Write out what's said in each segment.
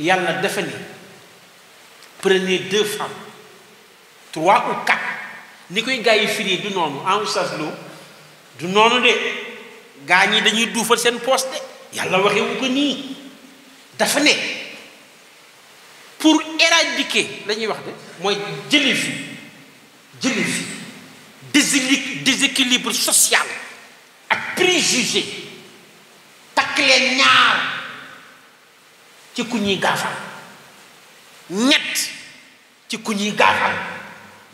a dafa ni prenez deux femmes trois ou quatre ni koy gars yi firi du en lu du qui de gaa dañuy duufal sen poste de qui wu ko dafa ne pour éradiquer la wax de moy jëlif déséquilibre social ak préjugé tak ci ku ñuy gaafal ñett ci ku ñuy gaafal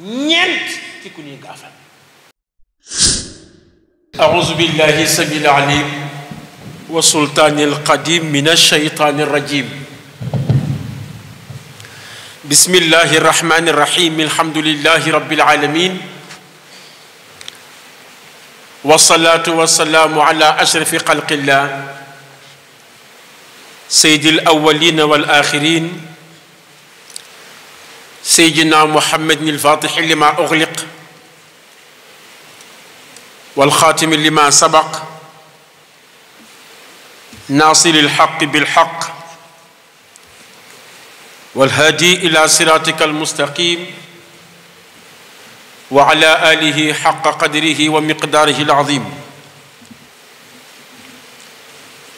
ñeent ci ku ñuy gaafal أعوذ بالله السميع العليم والسلطان القديم من الشيطان الرجيم بسم الله الرحمن الرحيم الحمد لله رب العالمين والصلاة والسلام على أشرف خلق الله سيد الأولين والآخرين سيدنا محمد الفاتح لما أغلق والخاتم لما سبق ناصر الحق بالحق والهادي إلى صراطك المستقيم وعلى آله حق قدره ومقداره العظيم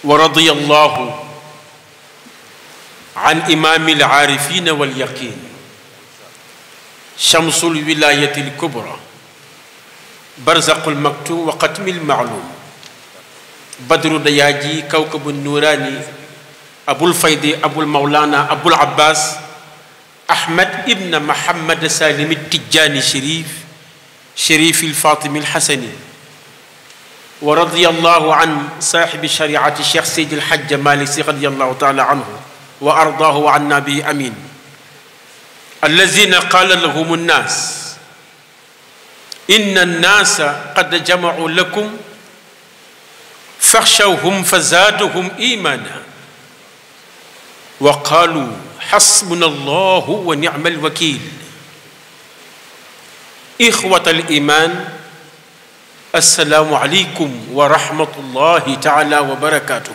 ورضي الله عن إمام العارفين واليقين شمس الولاية الكبرى برزق المكتوب وقتم المعلوم بدر دياجي كوكب النوراني أبو الفيض أبو المولانا أبو العباس أحمد ابن محمد سالم التجاني شريف شريف الفاطمي الحسني ورضي الله عن صاحب شريعة الشيخ سيد الحج مالك رضي الله تعالى عنه وأرضاه عنا به أمين الذين قال لهم الناس إن الناس قد جمعوا لكم فاخشوهم فزادهم إيمانا وقالوا حسبنا الله ونعم الوكيل إخوة الإيمان السلام عليكم ورحمة الله تعالى وبركاته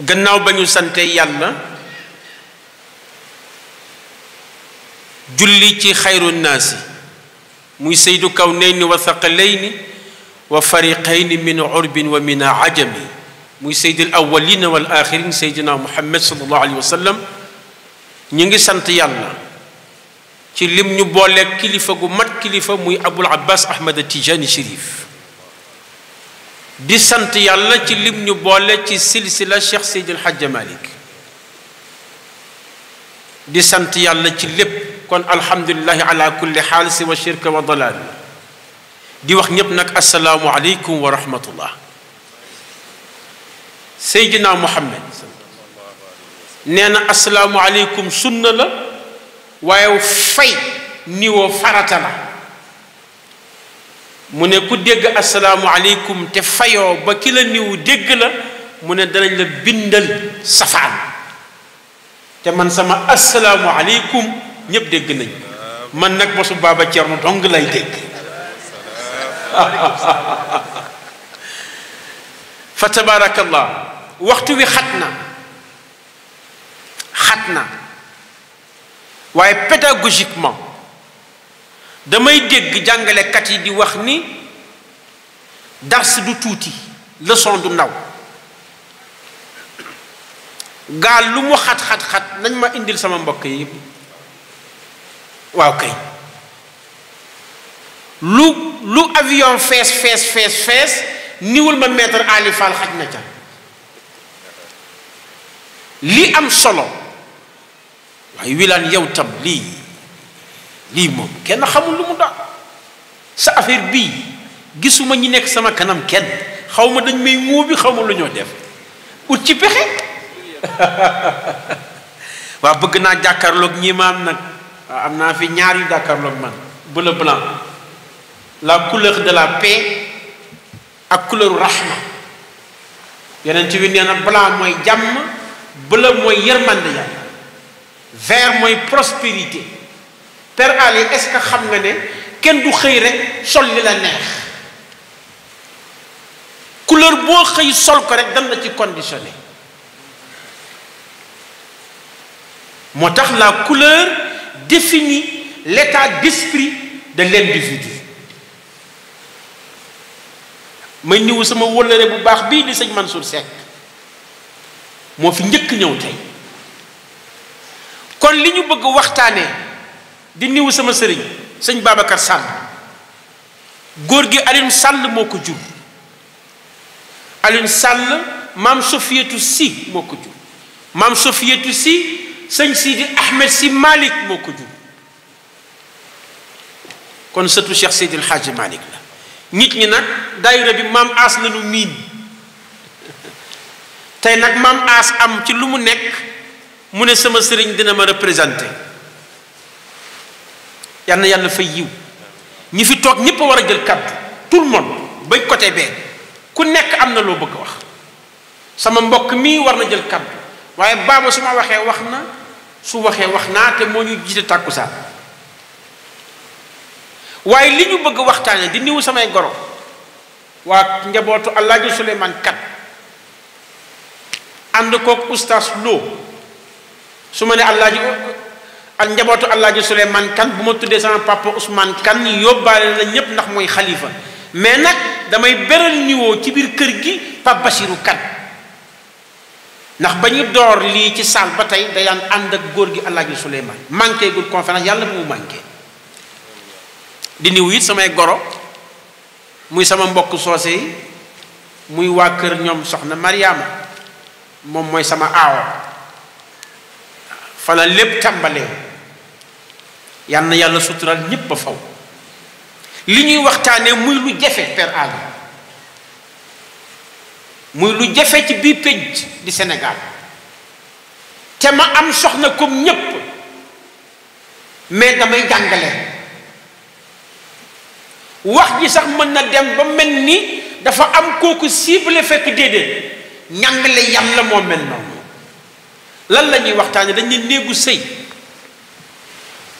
gannaaw ba ñu sante yàlla julli ci xayru naasi muy saydu kawnayni wa thaqalayni wa fariqayni min urbin wa min ajami muy sayd al wal akhirin saydina muhammad sallallahu alayhi wa sallam ñi ngi sant yàlla ci lim ñu booleeg kilifa gu mat kilifa muy abul abbas ahmad tijani sharif di sant yàlla ci lim ñu boole ci silsila Cheikh sidil Hadj malik di sant yàlla ci lépp kon alhamdulilahi ala kulli xaal si wa shirka wa dalal di wax ñépp nag asalaamu aleykum wa rahmatullah seydina muhammad nee na asalaamu aleykum sunna la waaye fay niwoo farata la mu ne ku dégg asalaamualeykum te fayoo ba ki la niw dégg la mu ne danañ la bindal safaan te man sama asalaamualeykum ñëpp dégg nañ man nag su baaba Cerno dong lay dégg fa tabaarakallah waxtu wi xat na xat na waaye pédagogiquement damay dégg kat yi di wax ni dars du tuuti leçon du ndaw gaal lu mu xat-xat-xat nañ ma indil sama mbokk yi yëpp waaw kay lu lu avion fees fees fees fees niwul ma maître Ali Fall xaj na ca li am solo waaye wilaan yow tam lii lii moom kenn xamul lu mu doon sa affaire bii gisuma ñi nekk sama kanam kenn xaw ma dañ may ŋóobi xaw ma lu ñoo def ut ci pexe waa bëgg naa jàkkarlook ñii ma am nag waa am naa fi ñaar yu jàkkaarloog man bleu blanc la couleur de la paix ak couleur rahma yeneen ci bi nee na mooy jàmm bleu mooy yërmande yàlla vert mooy prospérité Père Ali est-ce que xam nga ne kenn du xëy rek sol li la neex couleur boo xëy sol ko rek dan ci conditionné moo tax la couleur définit l'état d'esprit de l'individu may ñëw sama wóllëre bu baax bii di sëñ Mansour Seck moo fi njëkk ñëw tey kon li ñu bëgg waxtaanee di niwu sama sëriñ sëñ Babacar Sall góor gi Alioune Sall moo ko jur Alioune Sall maam Sofiyatu Si moo ko jur maam Sofiyatu Si sëñ Sidi Ahmed Si Malick moo ko jur kon sëtu Cheikh Seydil Hadji Malick la nit ñi nag daayira bi maam aas la miin tey nag maam aas am ci lu mu nekk mu ne sama sëriñ dina ma représenté yal na yàlla fay yiw ñi fi toog ñëpp war a jël kàddu tout le monde bay côté bee ku nekk am na loo bëgg wax sama mbokk mii war na jël kàddu waaye baaba su ma waxee wax na su waxee wax naa te moo ñu jiite tàkkusaan waaye li ñu bëgg waxtaanee di niwu samay goro waa njabootu Alaaji Suleymaan kat ànd kook oustaz Lo su ma ne Alaaji ak njabootu Alaaji Souleymane Kan bu ma tuddee sama papa Ousmane Kan yóbbaale na ñépp ndax mooy xalifa mais nag damay beral niwoo ci biir kër gi Pape Bachirou Kan ndax ba ñu door lii ci saal ba tey day daan ànd ak góor gi Alaaji Souleymane manqué gul conférence yàlla bu mu manqué di niw it samay goro muy sama mbokk soose muy waa kër ñoom soxna Mariama moom mooy sama aawo fala lépp tàmbalee yal yàlla suturaal ñépp ba faw li ñuy waxtaanee muy lu jafe per àll muy lu jafe ci biir pénc di Sénégal te ma am soxna comme ñépp mais damay jàngale wax ji sax mën na dem ba mel ni dafa am kooku cible fekk déedéet ñàngale yam la moo mel noonu lan la ñuy waxtaane dañ ne néegu sëy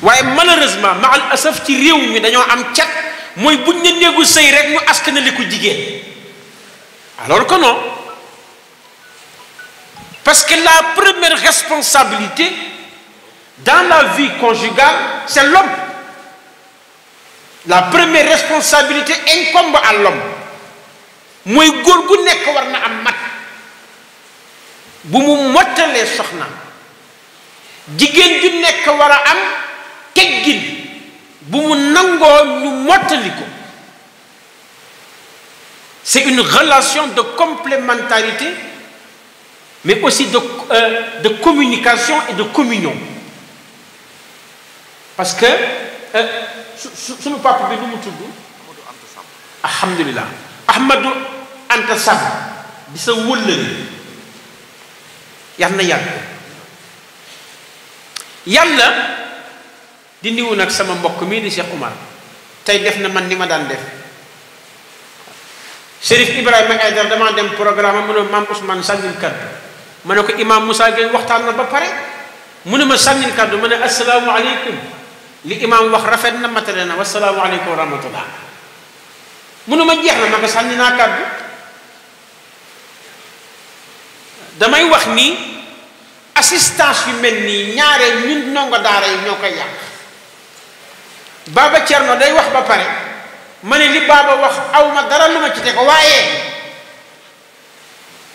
waaye malheureusement ma al asaf ci réew mi dañoo am cat mooy buñ ne néegu sëy rek ñu askanale ko jigéen alors que non parce que la première responsabilité dans la vie conjugale c'est l'homme la première responsabilité incombe à l'homme mooy góor gu nekk war na am mat bu mu mottalee soxna jigéen ju nekk war a am teggin bu mu nangoo ñu mottali ko c'est une relation de complémentarité mais aussi de, euh, de communication et de communion parce que euh, suñu papa bi lu mu tudd alhamdulilah ahmadou anta sab bi sa wëllëri yal na yàgg yàlla dindiwu nag sama mbokk mii di Cheikh Oumar tey def na man ni ma daan def Chérif Ibrahima Aïdara damaa dem programme mu ne maam Ousmane sànnil kaddu ne ko imaam Moussa Gueye waxtaan na ba pare mu ne ma sànnil kaddu ma ne asalaamualeykum li imaam wax rafet na matale na wasalaamualeykum wa rahmatullah mu ne ma jeex na ma ko sànni naa kaddu damay wax nii assistance yu mel nii ñaaree ñun ndongo daara yi ñoo koy yàq baaba cerno day wax ba pare ma ne li baaba wax aw dara lu ma ci te ko waaye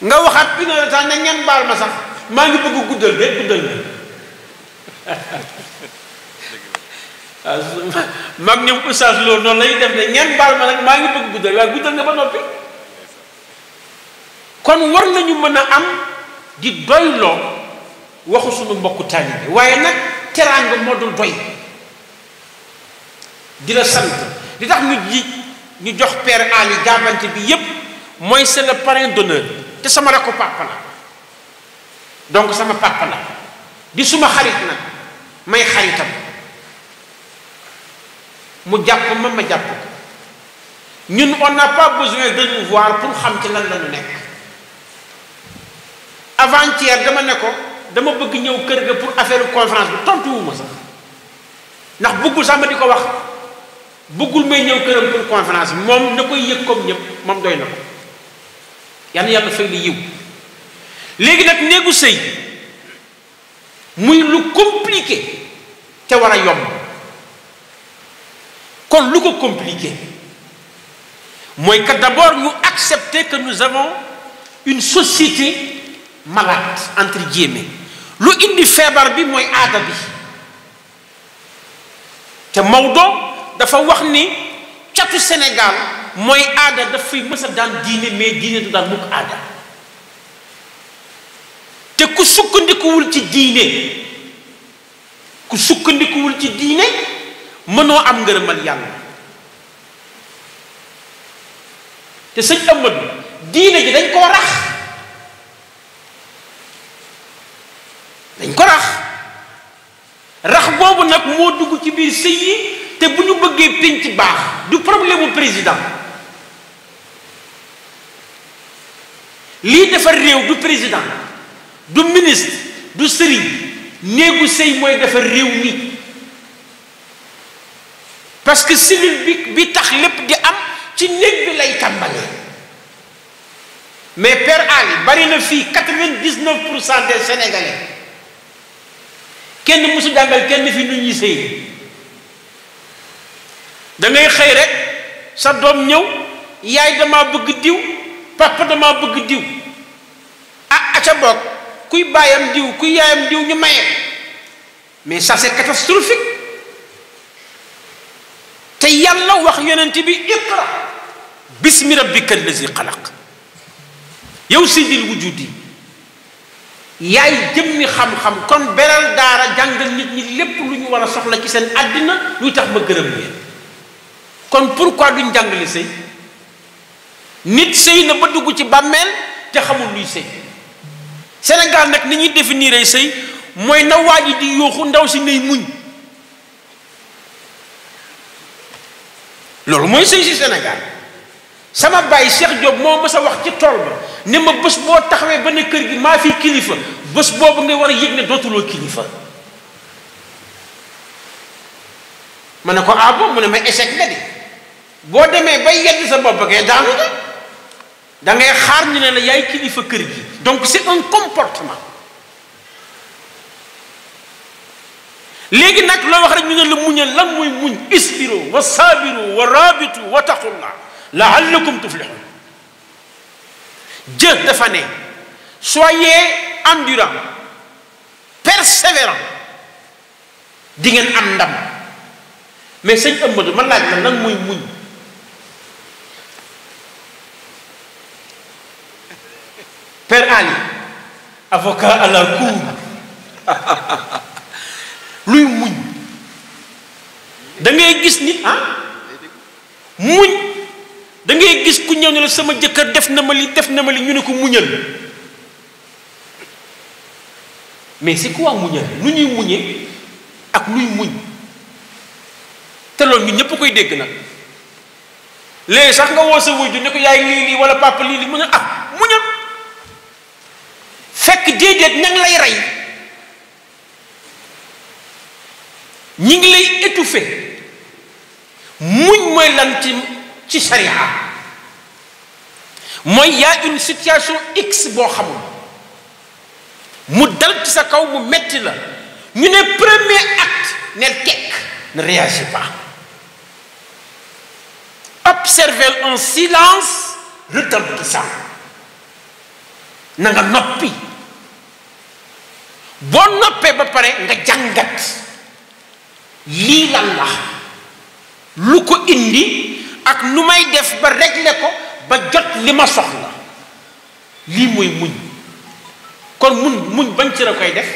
nga waxaat une heure de temps ne ngeen ma sax maa ngi bëgg guddal be guddal be ah, noonu lañuy def ne ngeen baal ma nag maa ngi bëgg guddal waaye guddal nga ba noppi kon war nañu mën a am di doyloo waxu suñu mbokku tànn bi waaye nag teraanga moo dul doy di la sant di tax ñu ji ñu jox père Ali jaabante bi yépp mooy c'est le parrain d'honneur te sama rek ko papa la donc sama papa la di suma xarit nag may xaritam mu jàpp ma ma jàpp ko ñun on n'a pas besoin de nous voir pour xam ci lan la ñu nekk avant-hier dama ne ko dama bëgg ñëw kër ga pour affaire conférence bi tontuwuma sax ndax bëggul sama di ko wax bëggul may ñëw këram pour conférence moom na koy yëg comme ñëpp moom doy na ko yal na yàlla fay li yiw léegi nag néegu sëy muy lu compliqué te war a yomb kon lu ko compliqué mooy que d'abord ñu accepter que nous avons une société malade entre guillemets lu indi feebar bi mooy aada bi te Maodo. dafa wax ni catu Sénégal mooy aada daf fi mës a daan diine mais diine du daan mukk aada te ku sukkandikuwul ci diine ku sukkandikuwul ci diine mënoo am ngërëmal yàlla te sëñ Amadou diine ji dañ koo rax dañ ko rax rax boobu nag moo dugg ci biir sëy yi te bu ñu bëggee pénc baax du problème mu président lii defar réew du président du ministre du sëriñ néegu sëy mooy defar réew mi parce que cellule bi tax lépp di am ci néeg bi lay tàmbalee mais Père Ali bari na fii quatre-vingt-dix-neuf pour cent des Sénégalais kenn mësu jàngal kenn fi nu ñuy sëy da ngay xëy rek sa doom ñëw yaay dama bëgg diw papa dama bëgg diw ah aca boog kuy baayam diw kuy yaayam diw ñu maye mais ça c'est catastrophique te yàlla wax yonent bi iqra bismi rabbika allazi xalaq yow sayyidil wujudi yaay jëmmi xam-xam kon beral daara jàngal nit ñi lépp lu ñu war a soxla ci seen àddina luy tax ma gërëm leen kon pour pourquoi duñ jàngale sëy nit sëy na ba dugg ci bàmmeel te xamul luy sëy Sénégal nag ni ñuy définir ay sëy mooy na waa ji di yooxu ndaw si nay muñ loolu mooy sëy si Sénégal sama bàyyi Cheikh Diop moo mës wax ci tool ba ne ma bés boo taxawee ba ne kër gi maa fi kilifa bés boobu nga war a yëg ne dootuloo kilifa ma ko ah mu ne ma échec nga boo demee bay yegg sa bopp ngay daanu de da ngay xaar ñu ne la yaay kilifa kër gi donc c'est un comportement léegi nag loo wax rek ñu ne la muñal lan mooy muñ isbiru wa saabiru wa raabitu wa taqullah laallakum tuflihun Dieu dafa ne soyez endurant persévérant di ngeen am ndam mais seigne Amadou man laaj la lan mooy muñ Père Ali avocat à la luy muñ da ngay gis ni ah muñ da gis ku ñëw ne la sama jëkkër def na ma li def na ma li ñu ne ko muñal mais c'est quoi muñal lu ñuy muñee ak luy muñ te loolu ñun ñëpp koy dégg nag léegi sax nga woo sa wujju ne ko yaay lii lii wala papa lii lii mu ne ah muñal. fekk déedéet ña lay rey ñi ngi lay muñ mooy lan ci ci sharia une situation x boo xamul mu dal ci sa kaw mu metti la premier acte ne tekk ne pas observez un silence retentissant boo noppee ba pare nga jàngat lii lan la lu ko indi ak lu may def ba régler ko ba jot li ma soxla lii muy muñ kon muñ muñ bañ ci la koy def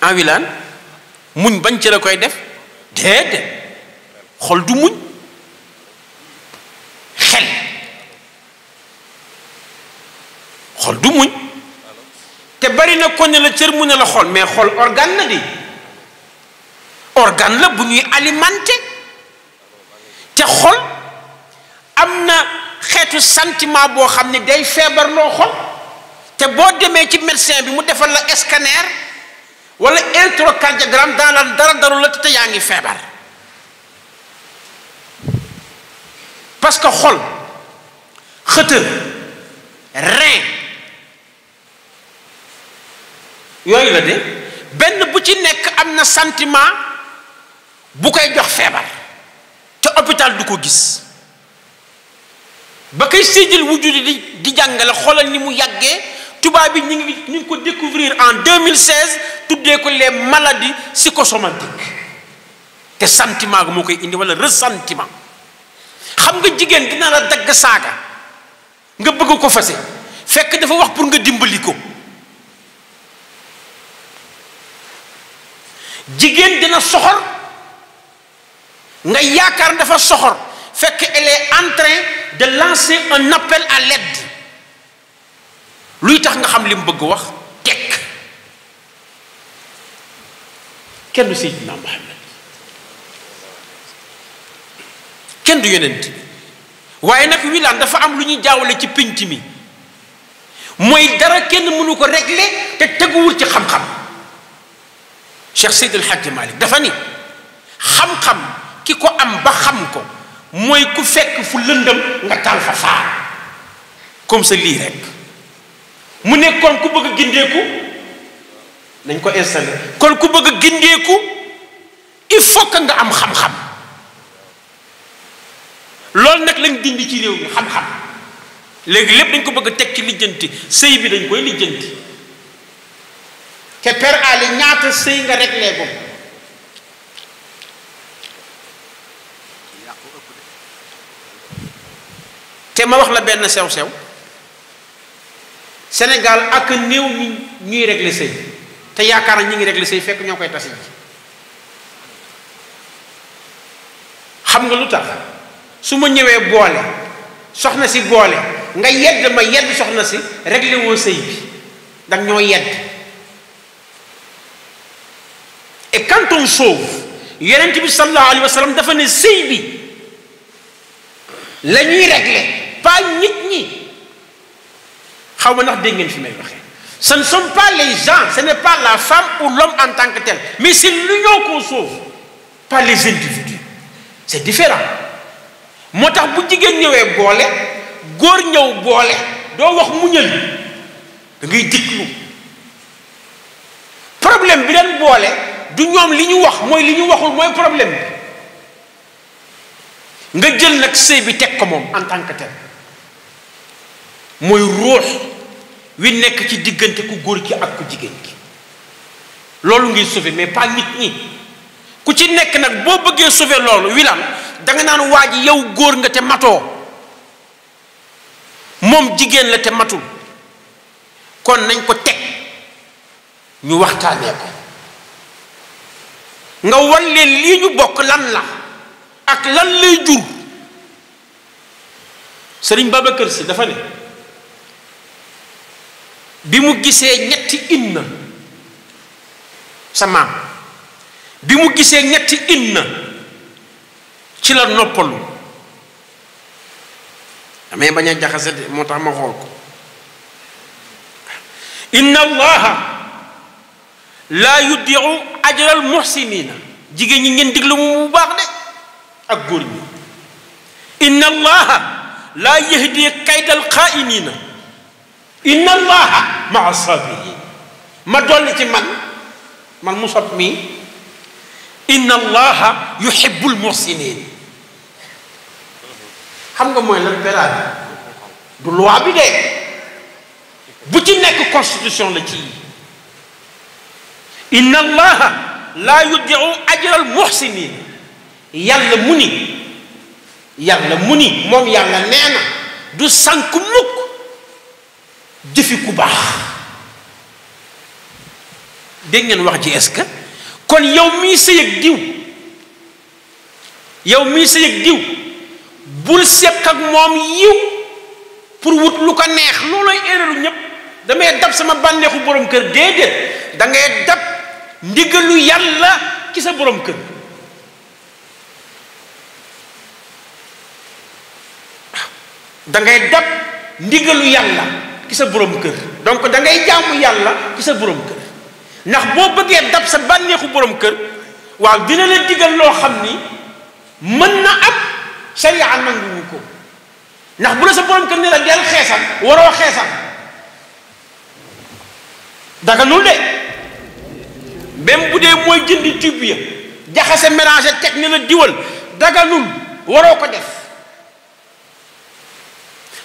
en ah muñ bañ ci la koy def déedéet xol du muñ xel xol du muñ te bari na ko ne la cër mu ne la xol mais xol organe la di organe la bu ñuy alimenté te xol am na xeetu santiment boo xam ne day feebar loo xol te boo demee ci médecin bi mu defal la scanner wala électrocardiogramme daan la dara daru la te yaa ngi feebar parce que xol xëtër rein yooyu la de benn bu ci nekk am na sentiment bu koy jox feebar te hôpital du ko gis ba koy séddil wujudi di di jàngale xoolal ni mu yàggee tubaab bi ñu ngi ñu ngi ko découvrir en 2016 tuddee ko les maladies psychosomatiques te sentiment ga moo koy indi wala ressentiment xam nga jigéen dina la dagg saaga nga bëgg ko fase fekk dafa wax pour nga dimbali ko jigen dina soxor nga yaakaar dafa soxor fekk elle est en train de lancer un appel à l'aide luy tax nga xam lim mu bëgg wax tek kenn du Seydina Muhammad kenn du yonent bi waaye nag wilaan dafa am lu ñuy jaawale ci pénc mi mooy dara kenn mënu ko régler te teguwul ci xam-xam Cheikh Seydil Hadji Malick dafa ni xam-xam ki ko am ba xam ko mooy ku fekk fu lëndëm nga taal fa faar comme ça lii rek mu ne kon ku bëgg a gindeeku nañ ko installé kon ku bëgg a gindeeku il faut que nga am xam-xam loolu nag lañ dindi ci réew mi xam-xam léegi lépp dañ ko bëgg a teg ci lijjanti sëy bi dañ koy lijjanti te per ali ñaata sëy nga réglé ko te ma wax la benn sew sew Sénégal ak néew ñi ñuy réglé sëy te yaakaar na ñi ngi réglé sëy fekk ñoo koy tasi ji xam nga lu tax su ma ñëwee boole soxna si boole nga yedd ma yedd soxna si réglé woo sëy bi danga ñoo yedd et quand on sauve yonent bi sallallahu alayhi wa sallam dafa ne sëy bi la régler pas nit ñi xawma ma ndax dégg ngeen fi may waxe ce ne sont pas les gens ce n'est pas la femme ou l'homme en tant que tel mais c'est l'union qu'on sauve pas les individus c'est différent moo tax bu jigéen ñëwee boole góor ñëw boole doo wax muñal da ngay déglu problème bi leen boole du ñoom li ñu wax mooy li ñu waxul mooy problème bi nga jël nag sëy bi teg ko moom en tant que tel mooy ruux wi nekk ci diggante ku góor ki ak ku jigéen gi loolu ngay sauver mais pas nit ñi ku ci nekk nag boo bëggee sauver loolu wilaan danga naan waa ji yow góor nga te matoo moom jigéen la te matul kon nañ ko teg ñu waxtaanee ko nga wan lii ñu bokk lan la ak lan lay jur sëriñ Babacar si dafa ne bi mu gisee ñetti inna sa maam bi mu gisee ñetti inna ci la noppalu damay bañ a jaxase moo tax ma xool ko inna allaha laa yuddiu ajral muhsinina jigéen ñi ngeen diglu mu baax de ak góor ñi inna allaha laa yahdi kaydal xaainina inna allaha maa ma dolli ci man man musab mi inna allaha yuhibbul muhsinin xam nga mooy lan du loi bi bu ci nekk constitution la ci Allah la yudiu ajral muhsinin yalla muni yalla muni mom yalla neena du sanku mukk jëfi ku baax dégg ngeen wax ji est ce kon yow mii sa yëg diw yow mii sa yëg diw bul sekk ak moom yiw pour wut lu ko neex looloy erreur ñëpp damay dab sama bànneexu borom kër déedéet da ngay dab ndigalu yàlla ci sa borom kër dangay ngay dab ndigalu yàlla ci sa borom kër donc da ngay jaamu yàlla ci sa borom kër ndax boo bëggee dab sa bànneexu borom kër waaw dina la digal loo xam ni mën na am sariya nanguwu ko ndax bu la sa borom kër ne del xeesal waroo xeesal daga nul de même bu dee mooy jënd tube ya jaxase mélangé teg ni diwal daganul waroo ko def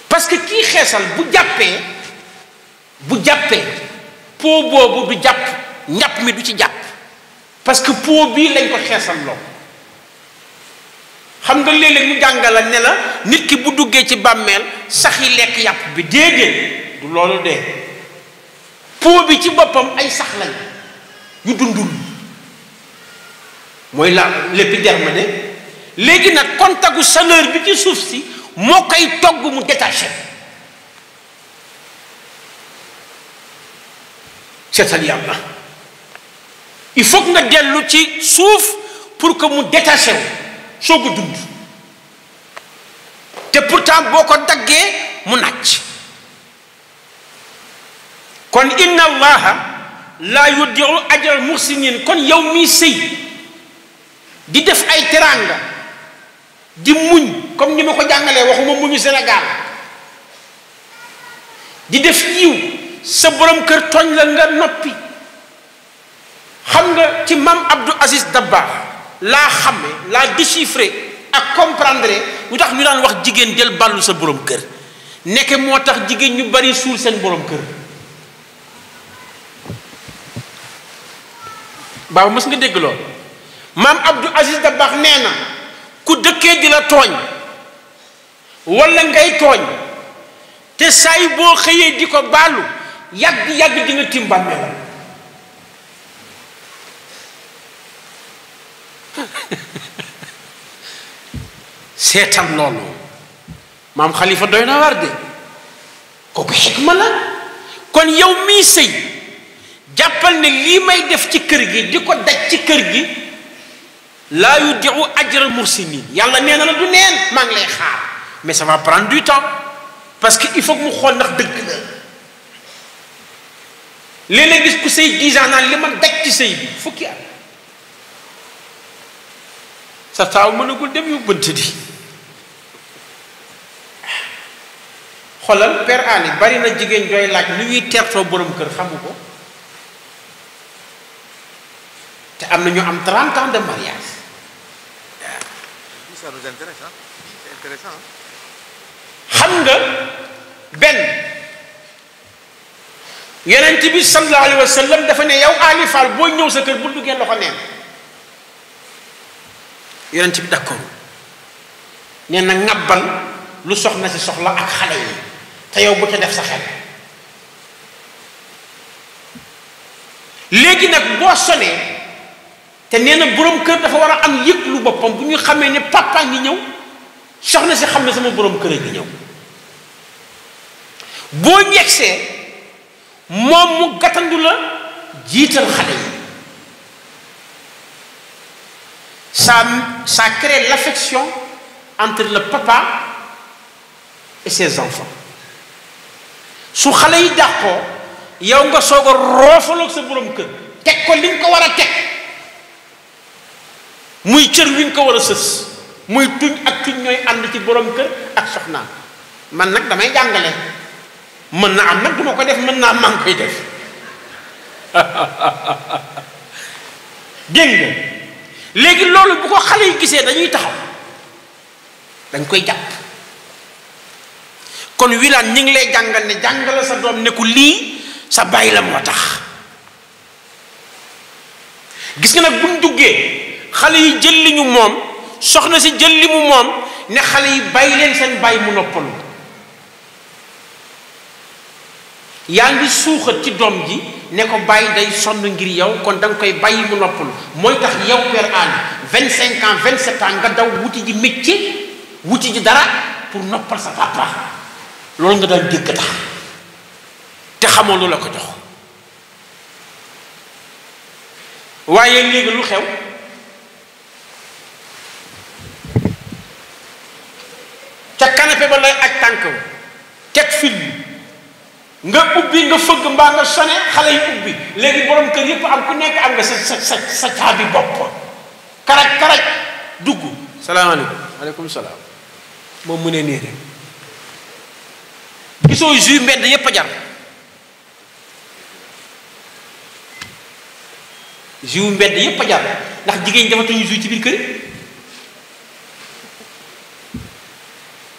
parce que kii xeesal bu jàppee bu jàppee pot boobu du jàpp ñàpp mi du ci jàpp parce que pot bii lañ ko xeesal loo xam nga léeg-léeg mu jàngala ne la nit ki bu duggee ci bàmmeel sax yi lekk yàpp bi déedéet du loolu de pot bi ci boppam ay sax lañ ñu dundul mooy la l'épiderme ne léegi nag contagu chaleur bi ci suuf si moo koy togg mu détaché seetal yàlla il faut que nga dellu ci suuf pour que mu détaché wu soo ko dund te pourtant boo ko daggee mu nàcc kon inna allaha la yudiru ajral muhsinin kon yow mi sey di def ay teranga di muñ comme ni ma ko waxuma muñu sénégal di def yiw sa borom kër tooñ la nga noppi xam nga ci mam abdou aziz dabba la xame la déchiffrer ak comprendre lu tax ñu daan wax jigéen del ballu sa borom kër nekk moo tax ñu bari borom baabu mës nga dégg lool maam Abdou Aziz Dabakh nee na ku dëkkee di la tooñ wala ngay tooñ te saay boo xëyee di ko baalu yàgg yàgg di nga timbàmme la seetal loolu maam xalifa doy na war de kooku xikma la kon yow mii sëy jàppal ne lii may def ci kër gi di ko daj ci kër gi laa yu diu ajral mursinin yàlla nee na la du neen maa ngi lay xaar mais ça va prendre du temps parce que il faut mu xool ndax dëgg la léeg-léeg gis ku sëy dix li ma daj ci sëy bi fukki at sa taaw mënagul dem yu bënt di xoolal per aani bari na jigéen jooy laaj lu ñuy teertoo borom kër xamu ko te am na ñu am 30 ans de mariage ça nous intéresse hein c'est intéressant xam nga benn yonent bi sallallahu alayhi dafa ne yow Aliou Fall boo ñëw sa kër bu duggee loxo neen yonent bi d'accord nee na ŋabbal lu soxna si soxla ak xale yi te yow bu ca def sa xel léegi nag boo sonee te nee na borom kër dafa war a am yëglu boppam bu ñu xamee ne papa ngi ñëw soxna si xam ne sama borom kër a ngi ñëw boo ñegsee moom mu gàttandu la jiital xale yi ça ça crée l'affection entre le papa et ses enfants su xale yi dàqoo yow nga soog a roofaloog sa borom kër teg ko li nga ko war a teg muy cër yuñ ko war a sës muy tuñ ak tuñ ñooy ànd ci borom kër ak soxnaam man nag damay jàngale mën na am nag du ko def mën naa am maa ngi koy def dégg léegi loolu bu ko xale yi gisee dañuy taxaw dañ koy jàpp kon wilaan ñi ngi lay jàngal ne jàngale sa doom ne lii sa bàyyi la moo tax gis nga nag mu duggee xale yi jël liñu mom soxna ci jël limu mom ne xale yi bay leen seen bay mu noppal yaa ngi suuxat ci dom ji ne ko bay day sonn ngir yow kon dang koy bay mu noppal moy tax yow per an 25 ans 27 ans nga daw wuti ji metti wuti ji dara pour noppal sa papa lolou nga daan dégg tax te xamoo lu la ko jox waaye léegi lu xew ca canapé ba lay aj tànkam teg film nga ubbi nga fëgg mbaa nga sone xale yi ubbi léegi borom kër yépp am ku nekk am nga sa sa sa sa caabi bopp karaj karaj dugg salaamaaleykum aleykum salaam moom mu ne nii gisoo jus mbedd yépp a jar jus mbedd yépp a jar ndax jigéen ñi defatuñu jus ci biir kër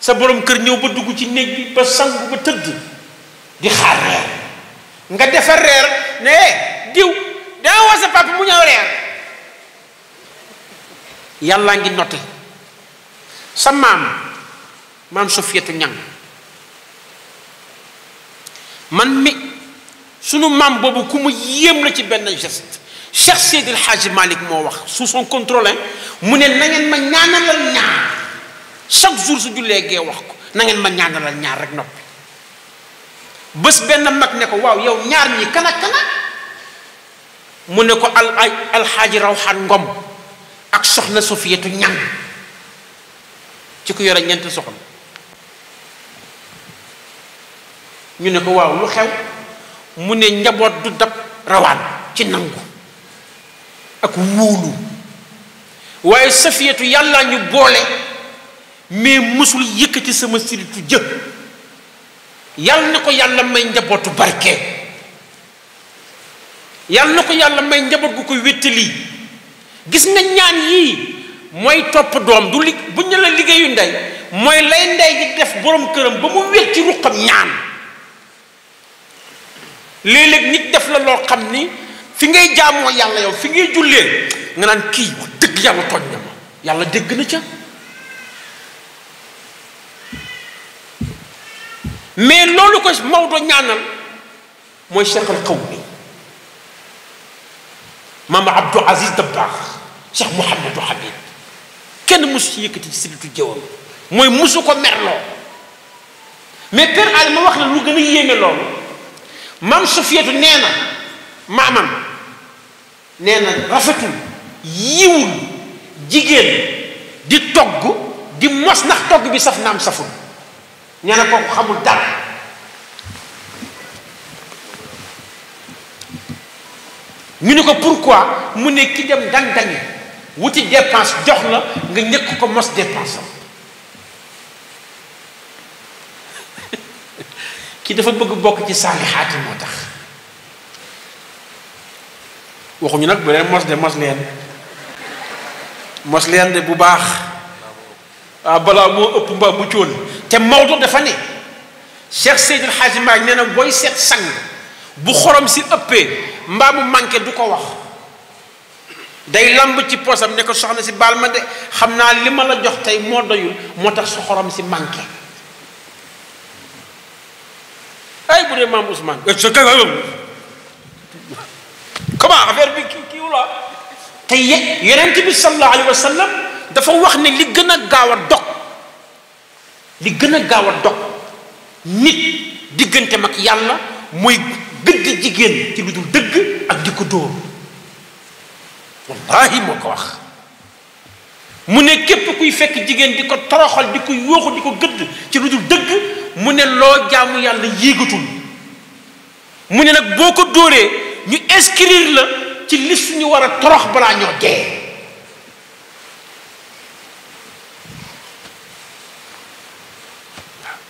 sa boroom kër ñëw ba dugg ci néeg bi ba sangu ba tëdd di xaar reer nga defar reer ne eh, diw daa woo sa papa mu ñëw reer yàllaa ngi noté sa maam maam Sofiyatu ñang man mi sunu maam boobu ku mu yéem la ci benn geste Cheikh Seydil Hadji Malick moo wax sous son contrôle mu ne na ngeen ma ñaanalal ñaar chaque jour su jullee gee wax ko nangeen ma ñaanalal ñaar rek noppi bés benn mag ne ko waaw yow ñaar ñi kana kana mu ne ko al alxaaji rawxaan ngom ak soxna sofiyatu ñan ci ku yore ñeenti soxna ñu ne ko waaw lu xew mu ne njaboot du dab rawaan ci nangu ak wóolu waaye sofiyatu yàlla ñu boole mais mësul yëkkati sama siritu jë yal na ko yàlla may njabootu barke yal na ko yàlla may njaboot gu ko koy wéttali gis nga ñaan yii mooy topp doom du li bu ñu la liggéeyu ndey mooy lay ndey def borom këram ba mu wécci ruqam ñaan léeg nit def la loo xam ni fi ngay jaamoo yàlla yow fi ngay jullee nga naan kii wax dëgg yàlla tooñ na ma yàlla dégg na ca mais lolu ko mawdo ñaanal moy cheikh al qawmi maam Abdou Aziz Dabakh cheikh mohammed Habib ken musu ci yëkkati ci sidou jëwam moy musu ko merlo mais père al ma wax la lu gëna yéme lool mam maam Sufiyatu mamam na maamam rafetul yiwul jigen di togg di mos ndax togg bi saf naam saful ñu ko kooku xamul dara ñu ni ko pourquoi mu ne ki dem dang-dangi wuti dépense jox la nga ñëkk ko mos dépense am ki dafa bëgg bokk ci saalixaat yi moo tax waxuñu nag bu leen mos de mos leen mos leen de bu baax ah balaa moo ëpp mbaa bu coon te mawdu dafa ne Cheikh seydou Hadji mag neena boy cheikh sang bu xorom si uppe mbaa mu manqué du ko wax day lamb ci posam ne ko soxna ci baal ma de xamna lima la jox tay mo doyul motax su xorom si manke ay bu dee mam Ousmane comment affaire bi ki ki wala tay ye yonent sallallahu alaihi wasallam sallam dafa wax ne li gëna a gaaw li gën a gaaw a dog nit diggante mag yàlla mooy gëdd jigéen ci lu dul dëgg ak di ko dóor wallaahi moo ko wax mu ne képp kuy fekk jigéen di ko toroxal di ko yooxu di ko gëdd ci lu dul dëgg mu ne loo jaamu yàlla yéegatul mu ne nag boo ko dóoree ñu inscrire la ci su ñu war a torox balaa ñoo dee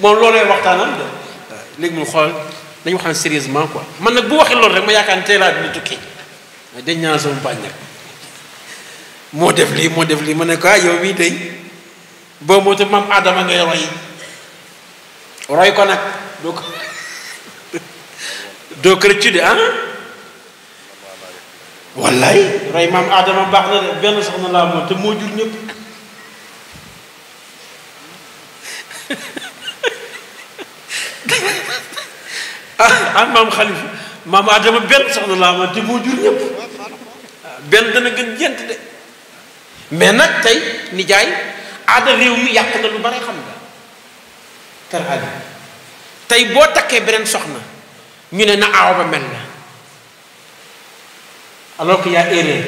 moom loolee waxtaanam de léegi mu xool dañu waxtaan sérieusement quoi man nag bu waxee loolu rek ma yaakaar ne tey laa dina tukki mais ñaan sama bañ nag moo def lii moo def lii ma ne ko ah, yow mii tey boo moo te maam Adama ngay roy roy ko nag doo ko doo ko rëccu de ah wallaay roy maam Adama baax na de benn soxna laa moom te moo jur ñëpp ah maam xalifa maam adama benn soxna laa ma te moo jur ñëpp benn dana gën jent de mais nag tey nijaay aada réew mi yàq na lu bare xam nga tey boo takkee beneen soxna ñu ne na aaw a mel na alors que yaa erreur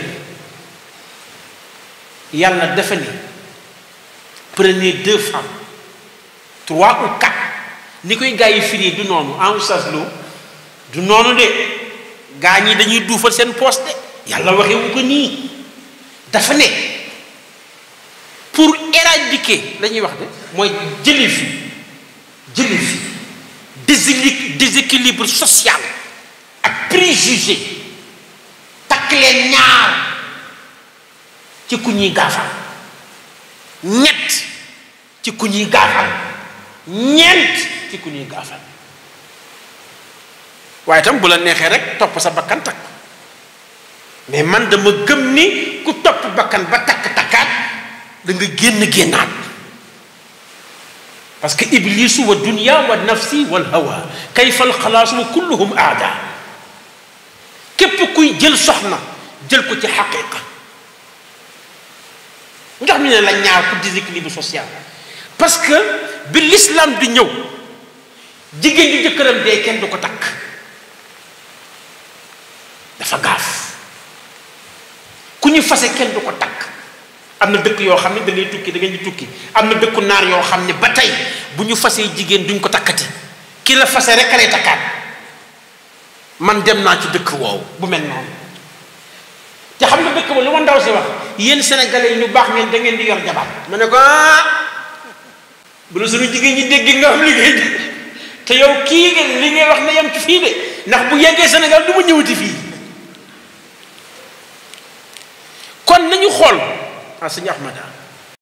yàlla dafa ni prenez deux femmes trois ou ni koy gaa yi firi du noonu en du de ni ñi dañuy poste dafa ne pour éradiquer la wax de mooy jëli fi déséquilibre social ak préjugé takk leen ñaar ci ci ku ñuy gaafal waaye tam bu la neexee rek topp sa bakkan takk mais man dama gëm ni ku topp bakkan ba takk takkaat da génn génnaat parce que iblisu wa dunya wa nafsi wa kulluhum képp kuy jël soxna jël ko ci xaqiqa lu tax ne la ñaar pour déséquilibre social parce bi l'islam di ñëw jigéen ju jëkkëram dee kenn du ko takk dafa gaaf ku ñu fase kenn du ko takk am na dëkk yoo xam ne da ngay tukki da ngeen tukki am na dëkku naar yoo xam ne ba tey bu ñu fasee jigéen duñ ko takkati ki la fase rek a lay takkaat man dem naa ci dëkk woowu bu mel noonu te xam nga dëkk ba lu ma ndaw si wax yéen sénégalais yi ñu baax ngeen da ngeen di yor jabar ma ne ko ah bu la suñu jigéen ñi dégg nga am liggéey te yow kii nga li ngay wax na yem ci fii de ndax bu yeggee Sénégal du ma ñëwati fii kon nañu xool ah sëñ Ahmada